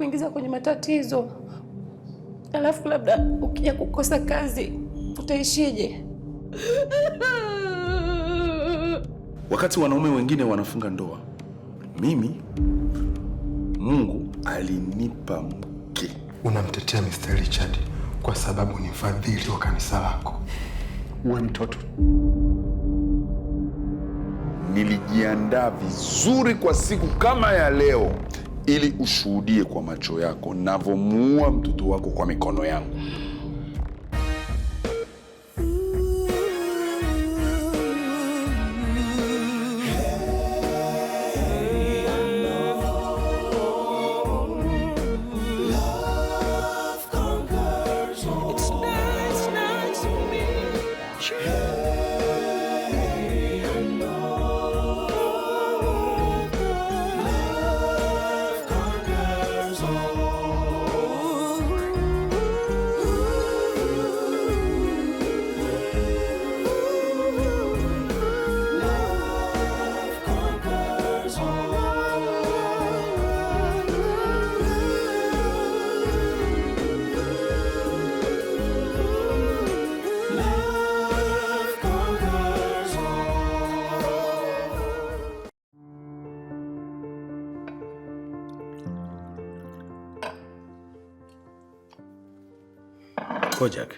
kukuingiza kwenye matatizo, alafu labda ukija kukosa kazi utaishije? Wakati wanaume wengine wanafunga ndoa, mimi Mungu alinipa mke. Unamtetea Mr. Richard kwa sababu ni mfadhili wa kanisa lako. Uwe mtoto. Nilijiandaa vizuri kwa siku kama ya leo ili ushuhudie kwa macho yako navyomuua mtoto wako kwa mikono yangu. Kojak,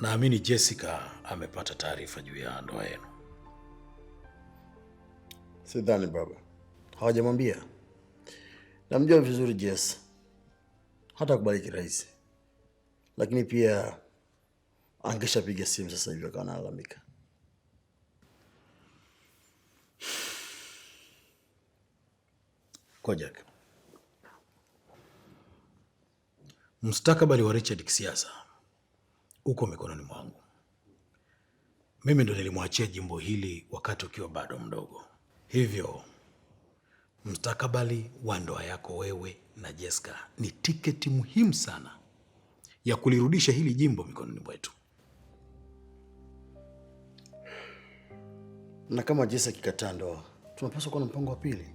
naamini Jessica amepata taarifa juu ya ndoa yenu. Sidhani baba, hawajamwambia. Namjua vizuri Jess, hata kubariki rahisi, lakini pia angeshapiga simu sasa hivi akawa analalamika. Kojak mstakabali wa Richard kisiasa uko mikononi mwangu. Mimi ndo nilimwachia jimbo hili wakati ukiwa bado mdogo, hivyo mstakabali wa ndoa yako wewe na Jessica ni tiketi muhimu sana ya kulirudisha hili jimbo mikononi mwetu. Na kama Jessica kikataa ndoa, tunapaswa kuwa na mpango wa pili.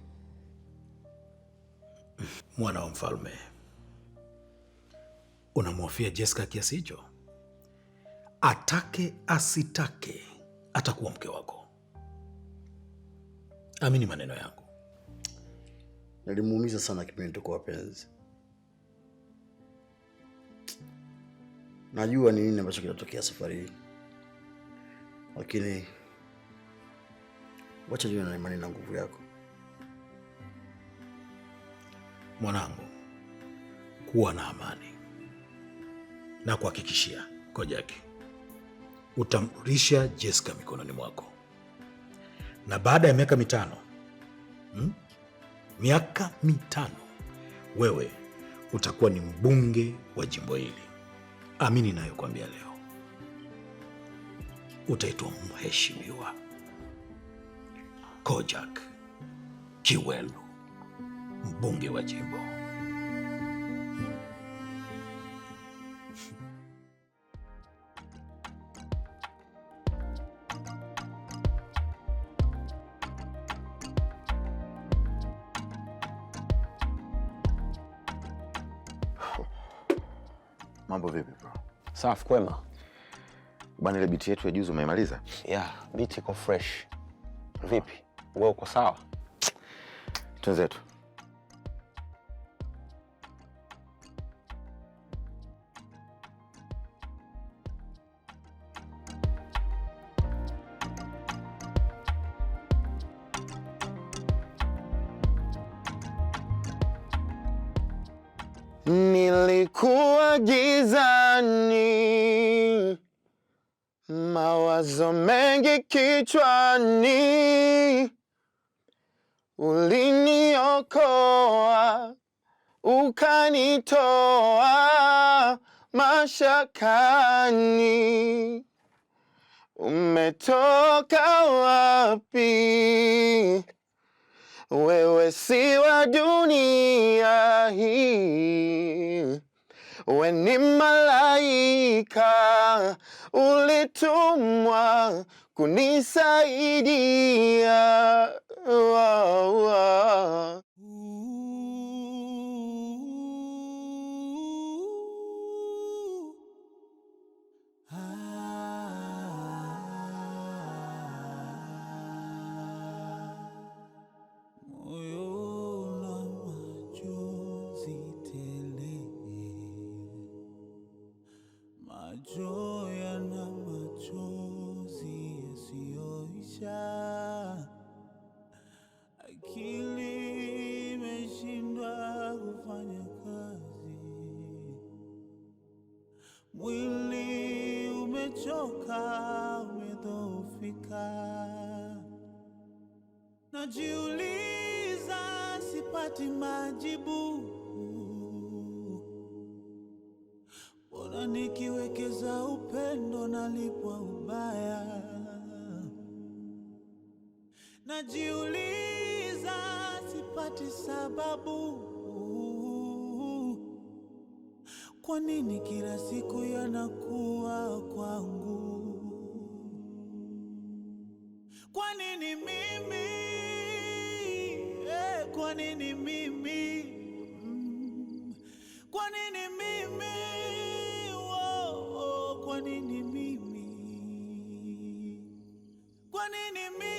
Mwana wa mfalme unamhofia Jessica kiasi hicho? Atake asitake, atakuwa mke wako. Amini maneno yangu. Nalimuumiza sana kipindi tuko wapenzi. Najua ni nini ambacho kinatokea safari hii, lakini wacha niwe na imani na nguvu yako mwanangu. Kuwa na amani na kuhakikishia Kojaki, utamrudisha Jessica mikononi mwako, na baada ya miaka mitano hmm? miaka mitano wewe utakuwa ni mbunge wa jimbo hili. Amini nayokuambia leo, utaitwa mheshimiwa Kojak Kiwelu, mbunge wa jimbo. Mambo vipi bro? Safi kwema. Bwana ile biti yetu ya juzi umeimaliza? Yeah, biti iko fresh. Vipi? Wewe uko sawa? tunzetu kichwani, uliniokoa ukanitoa mashakani. Umetoka wapi? Wewe si wa dunia hii, we ni malaika ulitumwa kunisaidia sipati majibu, Bora nikiwekeza upendo nalipwa ubaya? Najiuliza, sipati sababu, kwa nini kila siku yanakuwa kwangu? Kwa nini mimi kwa nini mimi? Kwa nini mimi? Oh, oh, kwa nini mimi? Kwa nini mimi?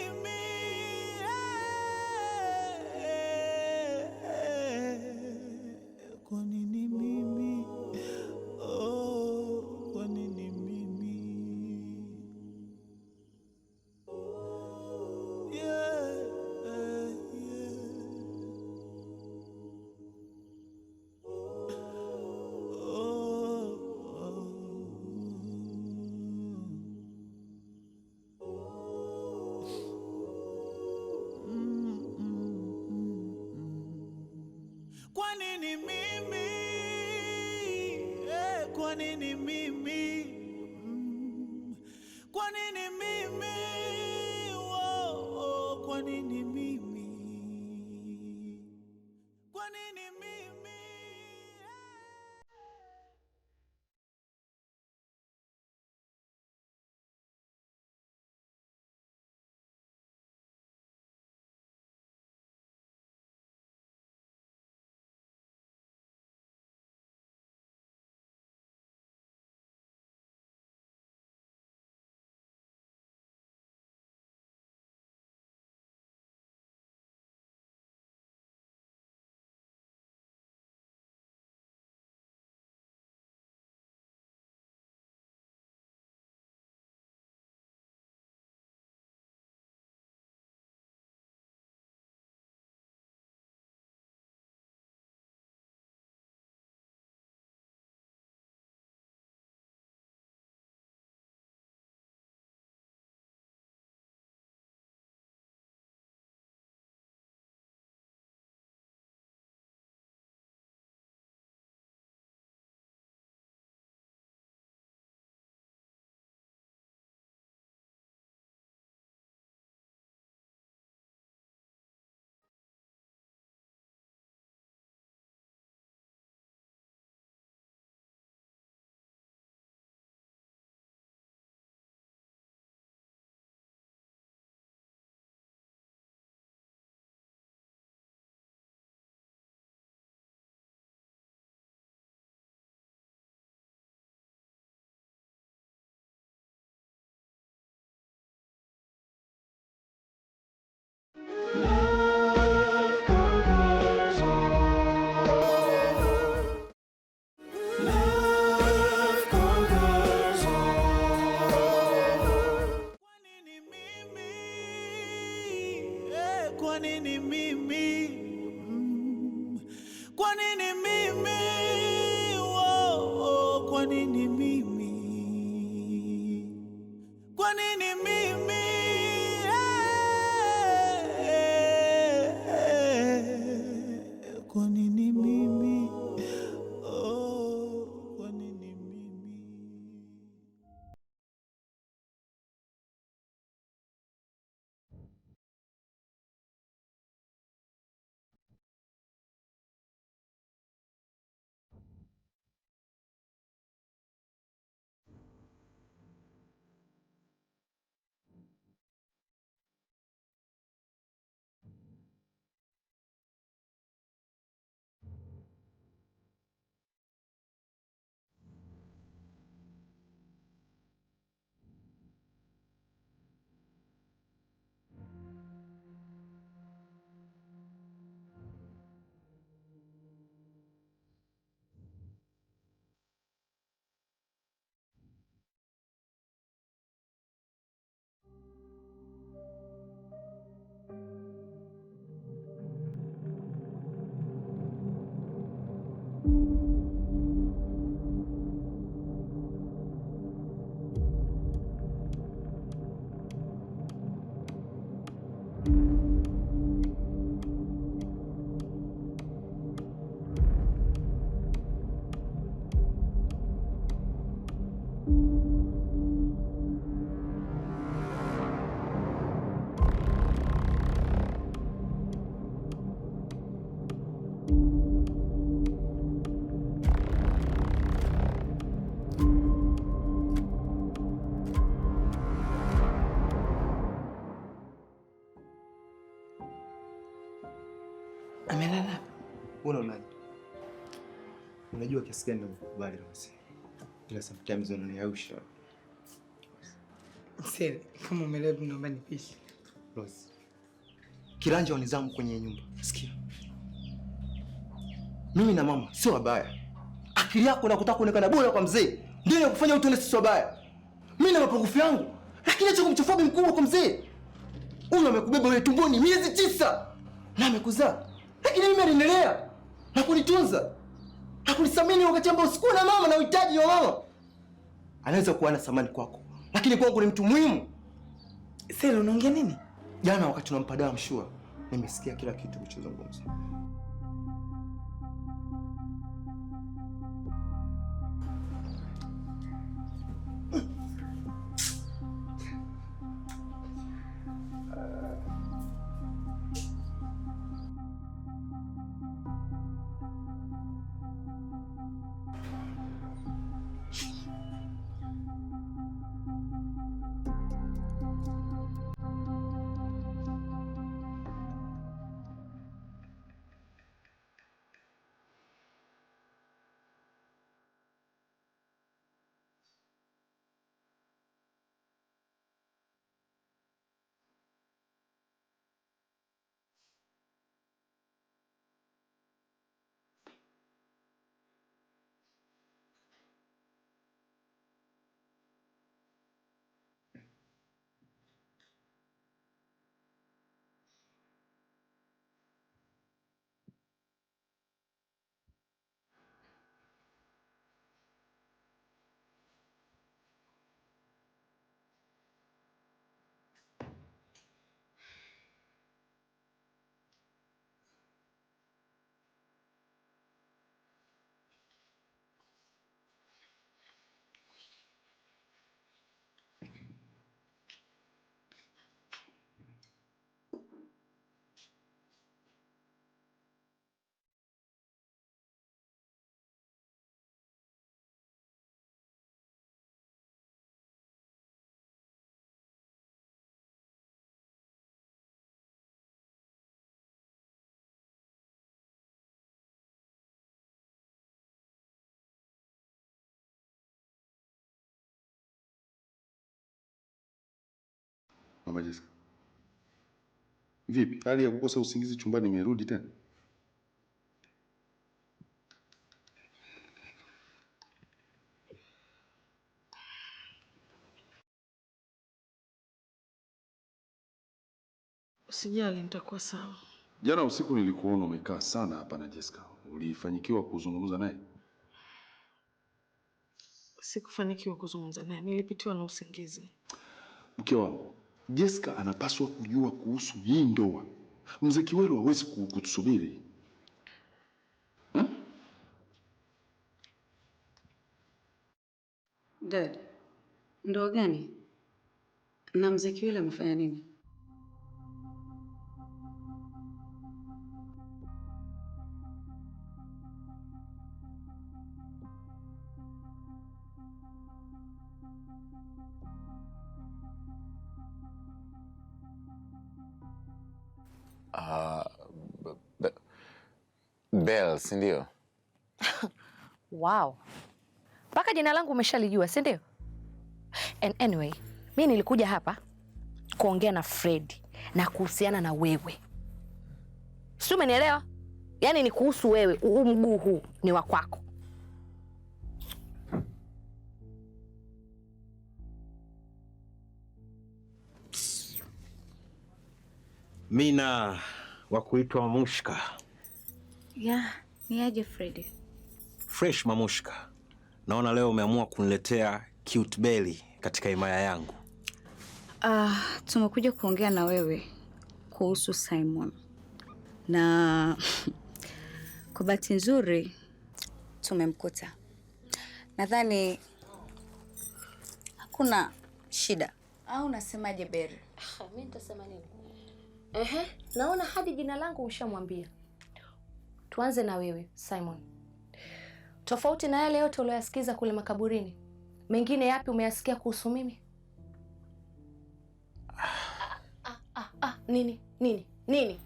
kwa nini mimi? Amelala. Unaonaje? Unajua kiasi gani nakukubali Ramsi? ila sometimes unaniausha. kama umelewa naomba nipishe. Rose. Kiranja wa nizamu kwenye nyumba. Sikia. Mimi na mama sio wabaya. Akili yako na kutaka kuonekana bora kwa mzee ndio inakufanya utende sisi wabaya. Mimi na mapungufu yangu, lakini acha kumchafua bibi mkubwa kwa mzee. Huyu amekubeba wewe tumboni miezi tisa na amekuzaa. Lakini mimi aliendelea na kunitunza. Hakunithamini wakati ambao sikuwa na mama na uhitaji wa mama anaweza kuwa na samani kwako, lakini kwangu ni mtu muhimu. Sasa unaongea nini? Jana wakati unampa dawa Mshua, nimesikia kila kitu ulichozungumza. Mama Jessica. Vipi? Hali ya kukosa usingizi chumbani imerudi tena? Usijali, nitakuwa sawa. Jana usiku nilikuona umekaa sana hapa na Jessica. Ulifanyikiwa kuzungumza naye? Sikufanikiwa kuzungumza naye, nilipitiwa na usingizi. Mke wangu, Jessica anapaswa kujua kuhusu hii ndoa. Mzee Kiwelu hawezi kutusubiri hmm? Dad, ndoa gani? Na mzee Kiwelu amefanya nini? Bell, si ndio? Wow, mpaka jina langu umeshalijua, si ndio? And anyway, mi nilikuja hapa kuongea na Fred na kuhusiana na wewe, si umenielewa? Yaani ni kuhusu wewe, huu mguu huu ni wa kwako. Mina wa kuitwa Mushka Yeah, ni aje Freddy? Fresh mamushka. Naona leo umeamua kuniletea cute belly katika imaya yangu. Uh, tumekuja kuongea na wewe kuhusu Simon na kwa bahati nzuri tumemkuta. Nadhani hakuna shida, au unasemaje Beri? Ah, mimi nitasema nini? Ehe, naona hadi jina langu ushamwambia. Tuanze na wewe Simon, tofauti na yale yote uliyoyasikiza kule makaburini, mengine yapi umeyasikia kuhusu mimi? Ah, ah, ah, nini nini nini?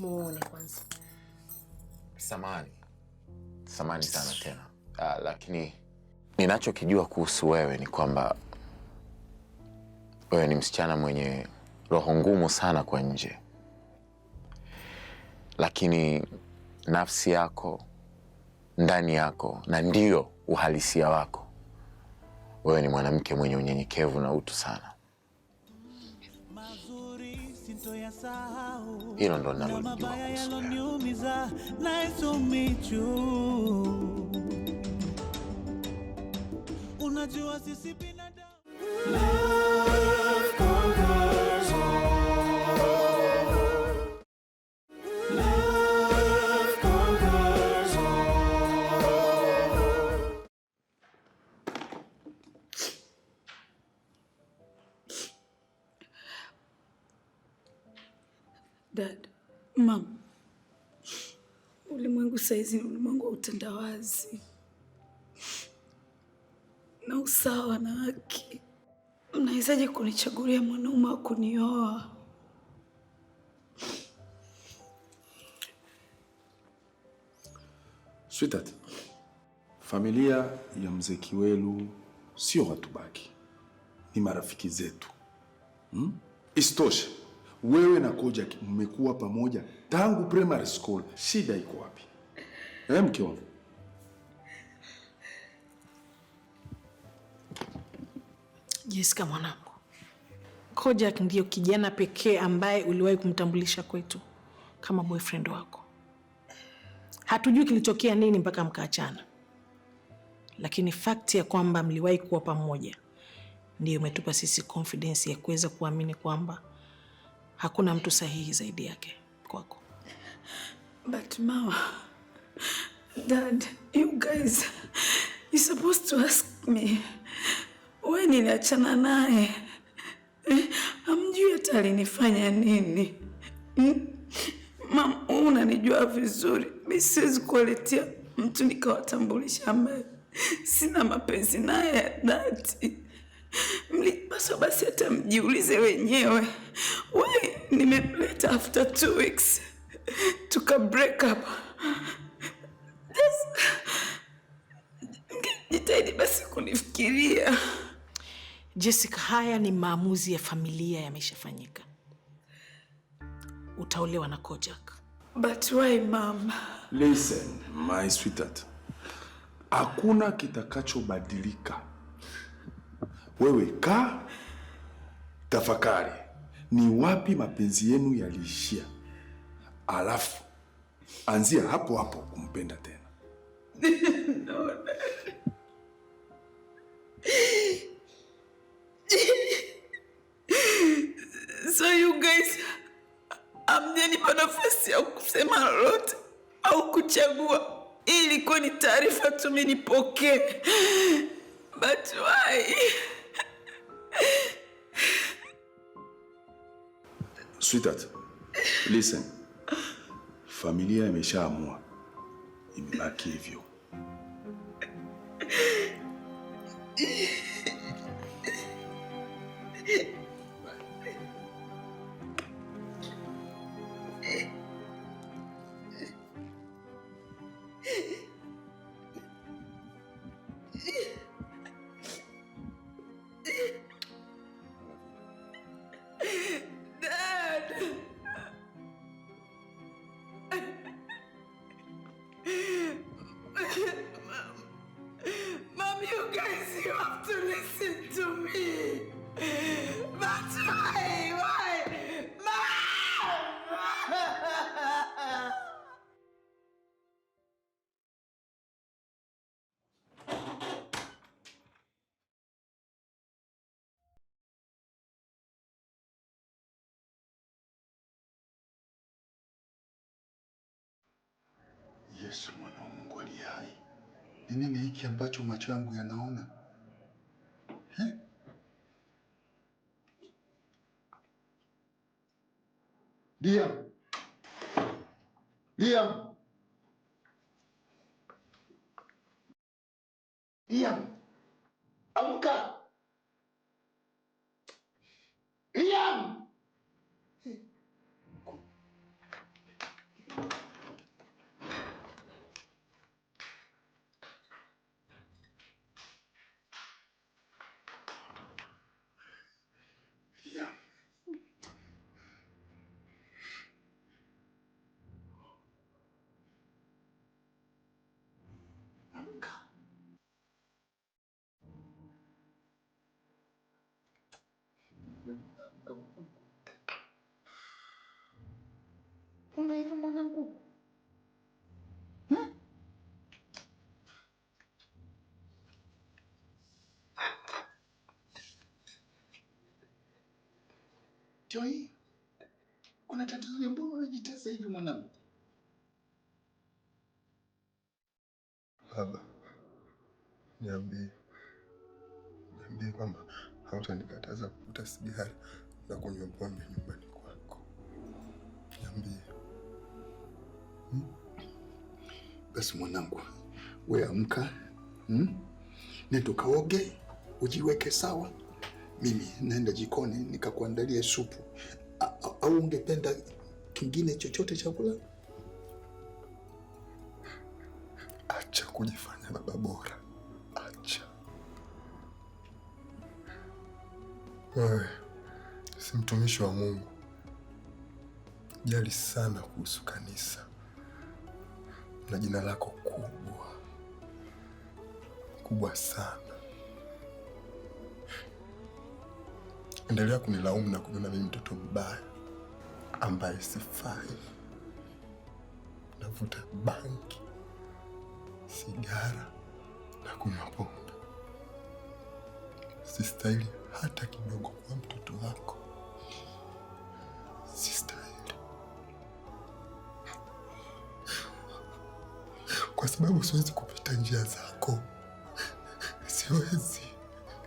Muone kwanza. Samani, samani sana tena. Ah, lakini ninachokijua kuhusu wewe ni kwamba wewe ni msichana mwenye roho ngumu sana kwa nje lakini nafsi yako ndani yako na ndiyo uhalisia wako. Wewe ni mwanamke mwenye unyenyekevu na utu sana, hilo ndo nalolijua Dad, mam, ulimwengu saizi ni ulimwengu wa utandawazi na usawa na haki. Mnawezaje kunichagulia mwanaume wa kunioa? Sweetheart, familia ya mzee Kiwelu sio watu baki, ni marafiki zetu hmm? Isitoshe wewe na Koja mmekuwa pamoja tangu primary school, shida iko wapi? Eh, mke wangu Jessica, mwanangu, Kojak ndiyo kijana pekee ambaye uliwahi kumtambulisha kwetu kama boyfriend wako. Hatujui kilitokea nini mpaka mkaachana, lakini fakti ya kwamba mliwahi kuwa pamoja ndiyo imetupa sisi confidence ya kuweza kuamini kwamba hakuna mtu sahihi zaidi yake kwako. But mama, Dad, you guys, you supposed to ask me we niliachana naye eh, amjui hata alinifanya nini. Hmm? Mama, unanijua vizuri, mi siwezi kuwaletea mtu nikawatambulisha ambaye sina mapenzi naye ya dhati. Mlipaswa basi hata mjiulize wenyewe. Nimemleta after two weeks, tuka break up. Jitahidi basi kunifikiria Jessica. Haya ni maamuzi ya familia yameshafanyika. Utaolewa na Kojak. But why mom? Listen, my sweetheart. Hakuna kitakachobadilika. Wewe kaa tafakari ni wapi mapenzi yenu yaliishia, alafu anzia hapo hapo kumpenda tena. So you guys amjanipa nafasi ya kusema lolote au kuchagua. Ilikuwa ni taarifa tu, mimi nipokee, but why Sweetheart, listen. Familia imeshaamua, imebaki hivyo. Ni nini hiki ambacho macho yangu yanaona eh? Liam, Liam, Liam, amka! kuku. Unaiva mwanangu? Joy, kuna tatizo, mbona unajitesa hivi mwanangu? Baba, niambie, niambie kwamba hautanikataza kuvuta sigara za kunywa pombe nyumbani kwako? Niambie. Hmm? Basi mwanangu, we amka, hmm? Nenda ukaoge, ujiweke sawa. Mimi naenda jikoni nikakuandalia supu, au ungependa kingine chochote chakula? Acha kujifanya baba bora, acha si mtumishi wa Mungu. Jali sana kuhusu kanisa na jina lako kubwa kubwa sana. Endelea kunilaumu na kuniona mimi mtoto mbaya ambaye sifai, navuta banki sigara na kunywa pombe. Sistahili hata kidogo kuwa mtoto wako. kwa sababu siwezi kupita njia zako, siwezi,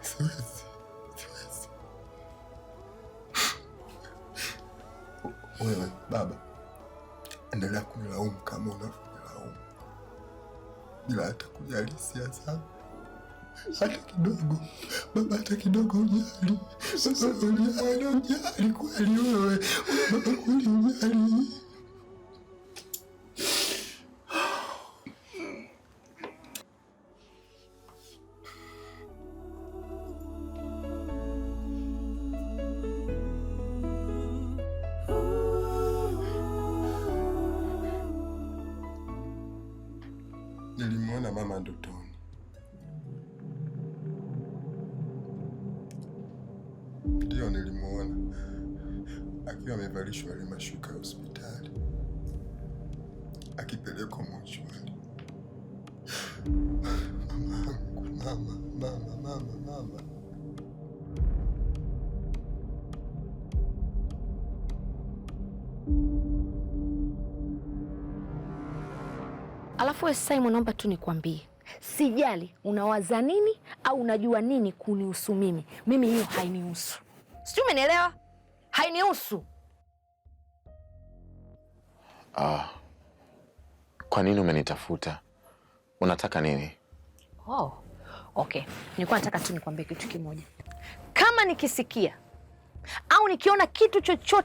siwezi, siwezi. Wewe baba, endelea kunilaumu kama unavyonilaumu bila hata kujali hisia zangu hata kidogo baba, hata kidogo ujali, ujali kweli wewe, baba kweli ujali akiwa amevalishwa yale mashuka ya hospitali akipelekwa mochwani. mama, mama, mama, mama. Alafu we Simon, naomba tu nikwambie, sijali unawaza nini au unajua nini kunihusu mimi, mimi hiyo hainihusu, sijui umenielewa? hainihusu. Ah, kwa nini umenitafuta? Unataka nini? Oh, okay. Nilikuwa nataka tu nikwambie kitu kimoja. Kama nikisikia au nikiona kitu chochote